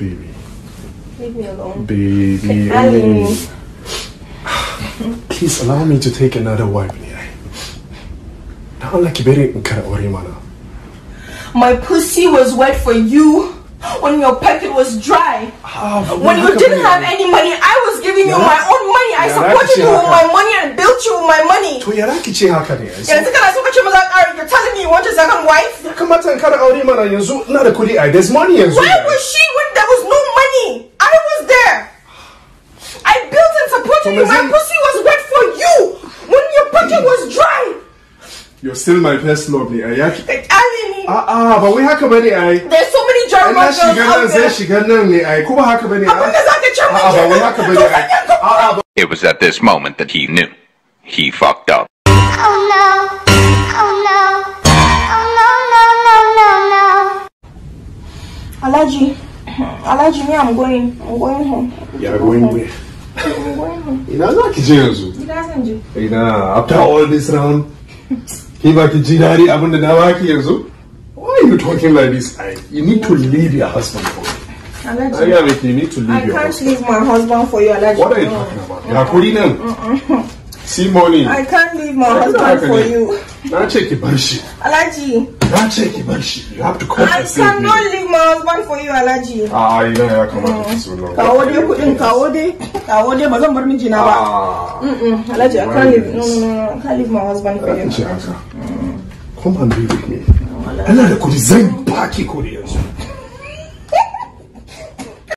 baby. Leave me alone. Baby. I oh. Please allow me to take another wife, Nia. Now I'm like very My pussy was wet for you when your pocket was dry. Ah, when you didn't have any money, I was giving you my own money. I supported you with my money and built you with my money. To yaraki ce haka ne. Yanzu you're telling me you want a second wife? there's money Why was she telling so my pussy was wet for you when your pocket was dry. You're still my best love, eh? Ah ah, but we have many, eh? There's so many German girls out there. Allah sai shigar nan ne ai, kuma haka bane ai. Ah ba wai haka bane It was at this moment that he knew. He fucked up. Oh no. Oh no. Oh no no no no no. Alaji. Alaji, me I'm going. I'm going home. You're going where? ina za ki je yanzu gida zan je ina after all this round ke ba ki ji dadi abinda na baki yanzu why are you talking like this I, you need to leave your husband for me Allergy. Yeah, but you need to leave I your can't leave my husband for you, allergy. What are you talking about? Mm Hakuri nan. See money. I can't leave my husband for you. Na ce ki bar shi. Allergy. na ce ki bar shi you have to come and save me. I'm not leave my husband for you Alaji. Ah ina ya kamata mm. ki so na. Kawo dai Kaode. kawo dai kawo dai ba zan bar mijina ba. Ah. Alaji, I can't leave no no no, I can't leave my husband for you. Mm. Come and be with me. Allah da kudi zan baki kudi yanzu.